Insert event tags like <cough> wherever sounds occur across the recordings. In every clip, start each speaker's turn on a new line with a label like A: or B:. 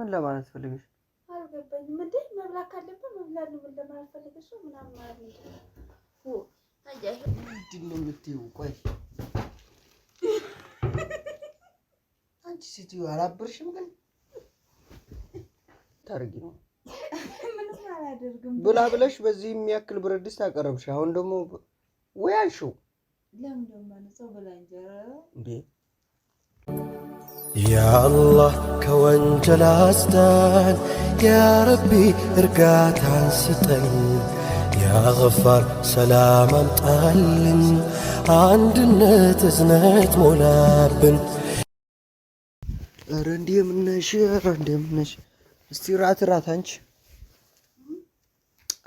A: ምን ለማለት ፈልገሽ?
B: አልገባኝም። እንዴ መብላት ካለብን መብላት ምን ለማለት ፈልገሽ? ምናምን ማለት ነው።
A: ምንድን ነው የምትይው? ቆይ አንቺ ሴትዮ አላብርሽም ግን ታርጊ ነው ብላ ብለሽ በዚህ የሚያክል ብረት ድስት አቀረብሽ። አሁን ደግሞ ወይ እንዴ ያአላህ ከወንጀል አስዳን፣ ያረቢ እርጋታን ስጠን፣ ያገፋር ሰላም አምጣልን፣ አንድነት እዝነት ሞላብን። ኧረ እንደምነሽ፣ ኧረ እንደምነሽ። እስቲ ራት ራት አንቺ፣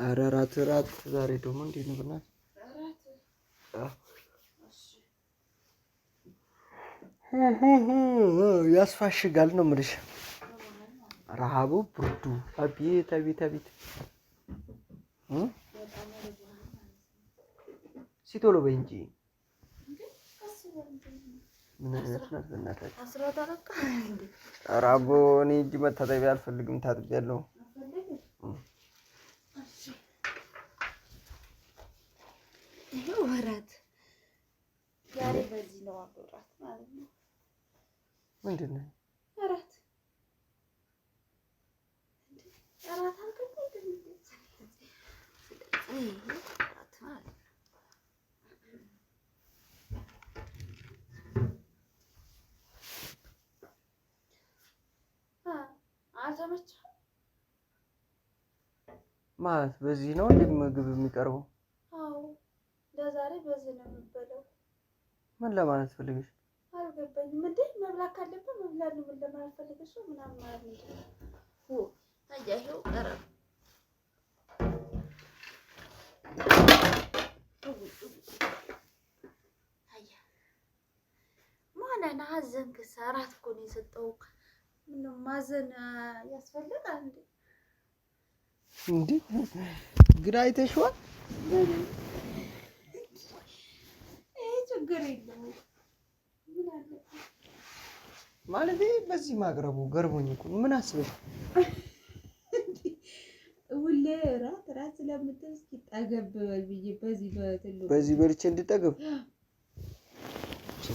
A: ኧረ ራት ራት። ዛሬ ደግሞ እንዴት ነው ብናት ያስፋሽጋል ነው የምልሽ። ረሃቡ ብርዱ፣ አቤት አቤት አቤት። ሲቶሎ በይ እንጂ ምን አይነት ናት
B: በእናታችሁ?
A: ራቦ እኔ እጅ መታጠቢያ አልፈልግም፣ ታጥቤያለሁ።
B: ወራት ያሬ በዚህ ነው ወራት ማለት ነው። ምንድን ነው እራት
A: ማለት በዚህ ነው እንደ ምግብ የሚቀርበው?
B: አዎ ለዛሬ በዚህ ነው የሚበላው።
A: ምን ለማለት ፈልገሽ?
B: ምንድን መብላት ካለበ መብላት ነው። ምን ለማለት ፈልገሽ ምናምን ማለት ምንድን ነው? ታያሽው ቀረ ማንን አዘንክ? አራት እኮ ነው የሰጠሁት። ማዘን ያስፈልጋል እንዴ?
A: እንዴ ግራ አይተሽዋል።
B: ይሄ ችግር የለውም
A: ማለት በዚህ ማቅረቡ ገርሞኝ እኮ ምን አስበሽ
B: ሁሌ እራት እራት ስለምትል ብዬ በዚህ በትልቁ
A: በዚህ በልቼ እንድጠገብ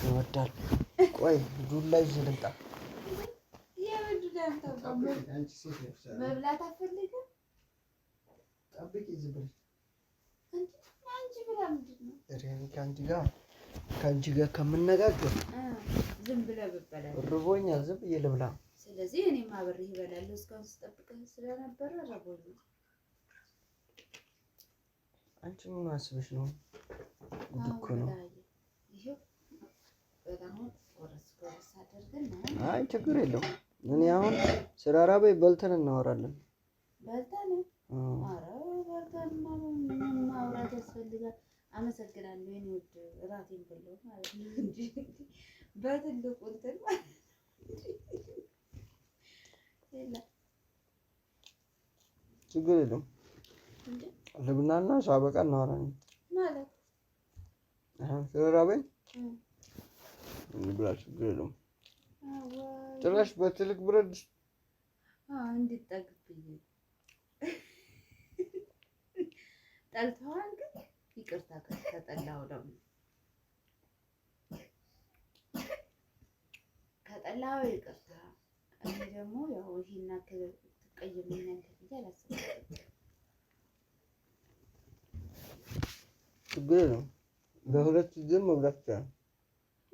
A: ይወዳል። ቆይ ዱላ ይዤ ልምጣ።
B: መብላት አትፈልግም? ጠብቂ ዝም ብለሽ አንቺ
A: ነው ጋር ከአንቺ ጋር ከምነጋገር
B: ዝም ብለህ ብበላለሁ።
A: እርቦኛል፣ ዝም ብዬ ልብላ።
B: ስለዚህ እኔ አብሬህ ይበላል። እስካሁን ስጠብቅህ ስለነበረ እርቦኛል።
A: አንቺ ምን አስበሽ ነው? ጉድ እኮ ነው። አይ ችግር የለው። እኔ አሁን ስራ ራበኝ፣ በልተን እናወራለን።
B: በልተን አመሰግናለሁ የኔ ውድ እራቴን ብለው ማለት ነው እንጂ በትልቁ እንትን
A: ችግር የለም። ልብናና ሳበቃ እናወራለን ማለት ስለራበኝ ብላ ችግር የለም። ጭራሽ በትልቅ ብረድ ድስት
B: እንድጠግብ ጠልተዋል ግን ይቅርታ ከጠላው ደግሞ ከጠላው ይቅርታ። እኔ ደግሞ ያው ይሄን አክል ትቀይመኛለህ ብዬ አላሰብኩም።
A: ችግር ነው። በሁለት ዝም መብላት ይችላል።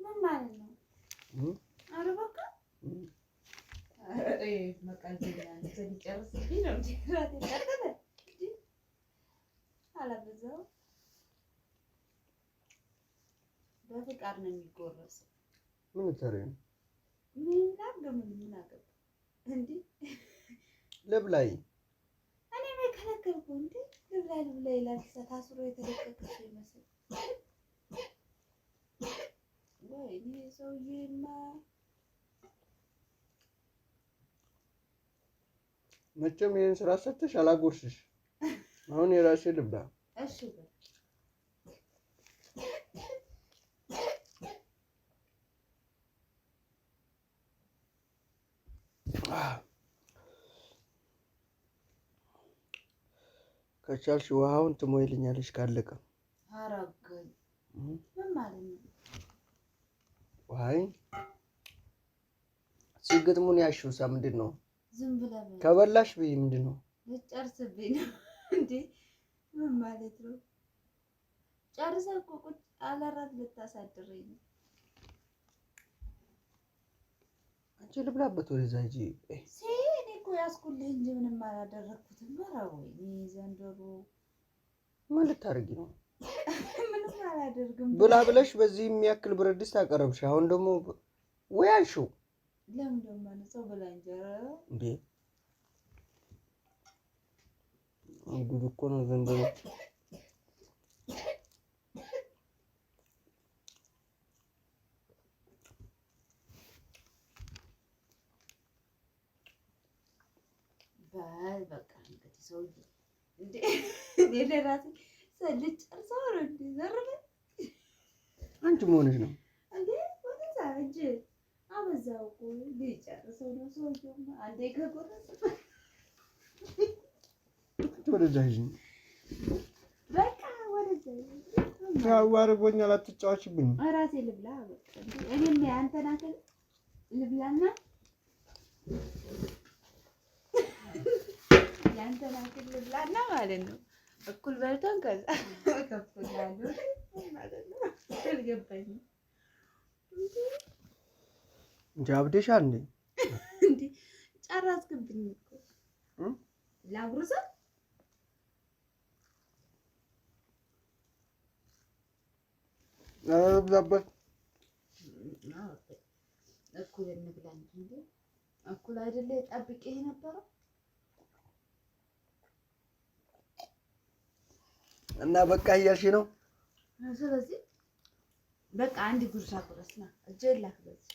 B: ምን ማለት ነው? ኧረ በቃ አላበዛሁም በፍቃድ ነው የሚጎረስ። ምን ተሬ ነው ምን ላድርግ? ምን ምን አገባ እንዴ? ለብላይ እኔ እንዴ? ለብላይ ለብላይ ታስሮ የተለቀቀ ይመስል ወይ ሰውዬማ
A: መቼም ይህን ስራ አላጎርስሽ። አሁን የራሴ ልብላ። እሺ ከቻልሽ ውሃውን ትሞይልኛለሽ ካለቀ። ውይ ሲግጥሙን ያሽውሳ ምንድን ነው ከበላሽ ብይ ምንድን ነው
B: ጨርስብኝ ምን ማለት ነው? ጨርሰህ እኮ ቁጭ አላራት ልታሳድረኝ
A: ሰርቼ ልብላበት። ወደዛ እንጂ
B: እኔ እንጂ ምንም አላደረግኩትም። ዘንድሮ
A: ምን ልታደርጊ ነው?
B: <laughs> ምንም አላደርግም
A: ብላ ብለሽ በዚህ የሚያክል ብረት ድስት አቀረብሽ። አሁን ደግሞ ወይ አልሽው
B: ለምን ደግሞ ብላ እንጀራ
A: እንዴ ጉድ እኮ ነው ዘንድሮ
B: አይ በቃ እንግዲህ ሰውዬ እንዴ እኔ ለራሴ ሰልች ጨርሰው ነው እንዴ ዘርበ
A: አንቺ መሆንሽ ነው
B: እንዴ ወደዛ እንጂ አበዛው እኮ እንዴ ጨርሰው ነው ሰውዬው አንዴ ከጎረሰ ወደዛ ሂጂ በቃ ወደዛ
A: ታዋርጎኛል አትጫወችብኝ
B: ራሴ ልብላ በቃ እኔ አንተና ልብላና ያንተ ናክል ልብላና ማለት ነው። እኩል በልተን ከዛ ከፍላሉ ማለት ነው። አልገባኝም።
A: ጃብደሻል እንዴ?
B: እንዴ ጨረስክብኝ እኮ ላጉርሰ ዛበት እኩል እንብላ እንጂ እኩል አይደለ ጠብቄ የነበረው
A: እና በቃ እያልሽ ነው።
B: ስለዚህ በቃ አንድ ጉርሻ ቁረስና እጄ ላክ በዚህ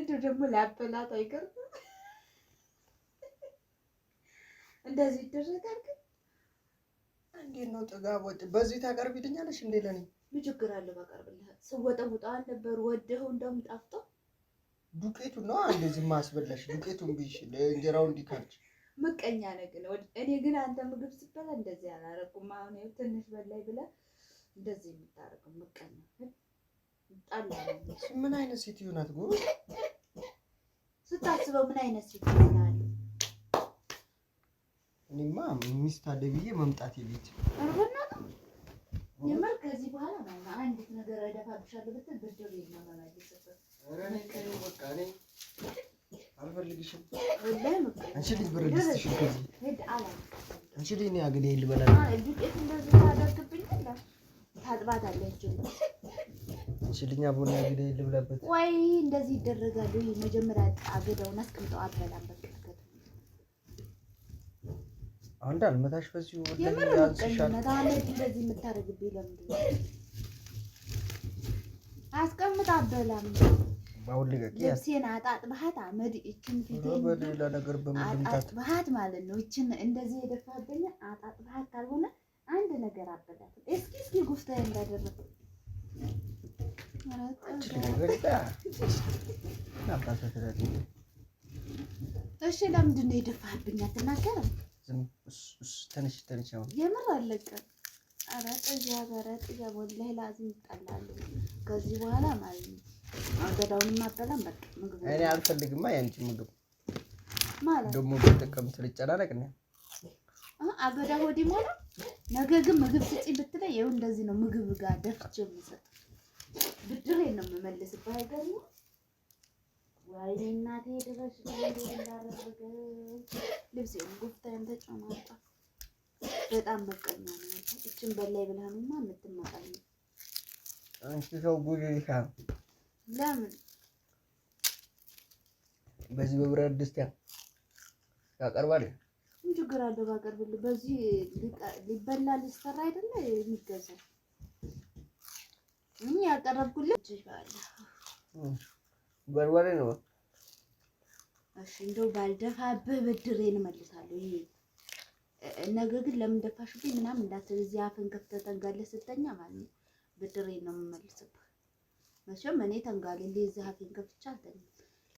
B: እንደው ደግሞ ላበላት አይቀርም። እንደዚህ ይደረጋል ግን
A: እንዴት ነው ጥጋብ? ወጥ በዚህ ታቀርቢልኛለሽ እንዴ? ለኔ
B: ምን ችግር አለ? ባቀርብልህ ስወጠውጣ አልነበር ወደው እንደውም ጣፍጦ
A: ዱቄቱ ነው እንደዚህ ማስበላሽ ዱቄቱን ቢሽ ለእንጀራው እንዲከርች
B: ምቀኛ ነህ ግን። እኔ ግን አንተ ምግብ ስትበላ እንደዚህ አላረኩም። አሁን ይኸው ትንሽ በላይ ብለህ እንደዚህ የምታረገው ምቀኛ ጣላ።
A: ምን አይነት ሴትዮ ናት ጎበዝ?
B: ስታስበው ምን አይነት ሴትዮ ናት?
A: እኔማ ሚስት አለ ብዬ መምጣት የቤት
B: ከዚህ በኋላ አንዲት ነገር እደፋብሻለሁ ብትል ብድር
A: አልፈልግሽም። አንቺ ልጅ አንቺ ልጅ እኔ አግዴ እንደዚህ አንቺ ልጅ
B: ወይ እንደዚህ ይደረጋሉ። መጀመሪያ አገዳውን አስቀምጠው አበላበት
A: አንድ አልመታሽ በዚህ
B: ወደ አስቀምጣ በላም ባሁን ልቀቂ። ልብሴን አጣጥብሃት አመድ
A: በሌላ ነገር አጣጥብሃት
B: ማለት ነው። እችን እንደዚህ የደፋብኝ አጣጥብሃት ካልሆነ አንድ ነገር አበላት። እስኪ እስኪ ጉፍታ እንዳደረግ እሺ፣ ለምንድን ነው የደፋህብኝ? አትናገርም
A: ትንሽ ትንሽ ነው
B: የምር አለቀም። ኧረ ጥጃ በረ ወላሂ ላዚም ይጣላሉ። ከዚህ በኋላ ማለት ነው አገዳውን ማበላም በቃ
A: ምግብ እኔ አልፈልግማ። ያንቺ ምግብ ማለት ደግሞ ብትጠቀምት ልጨናነቅ ነው።
B: አገዳ ሆዴ ሞላ። ነገ ግን ምግብ ስጪ ብትለኝ ይኸው እንደዚህ ነው ምግብ ጋር ደፍቼ የምሰጥ ብድሬን ነው የምመልስብህ። አይገርምም ወይኔ እናቴ ድረስ እንዳደረገ ልብሴን ጉፍታዬን ተጨማጣ። በጣም በቀኛ ነው። እችን በላይ ብለህንማ የምትመጣኝ
A: አንቺ ሰው ጉድ ይሻል። ለምን በዚህ በብረት ድስት ያቀርባል?
B: ምን ችግር አለው ባቀርብልህ? በዚህ ሊበላ ሊሰራ አይደለ የሚገዛው? ምን ያቀረብኩልህ በርበሬ ነው። እሺ እንደው ባልደፋብህ ብድሬን እመልሳለሁ። ይሄ ነገ ግን ለምን ደፋሽብኝ ምናምን እንዳትል፣ እዚህ አፍን ከፍተህ ተንጋለህ ስተኛ ማለት ነው። ብድሬን ነው የምመልስብህ። መቼም እኔ ተንጋል እንዲህ እዚህ አፍን ከፍቻ አልተኛም።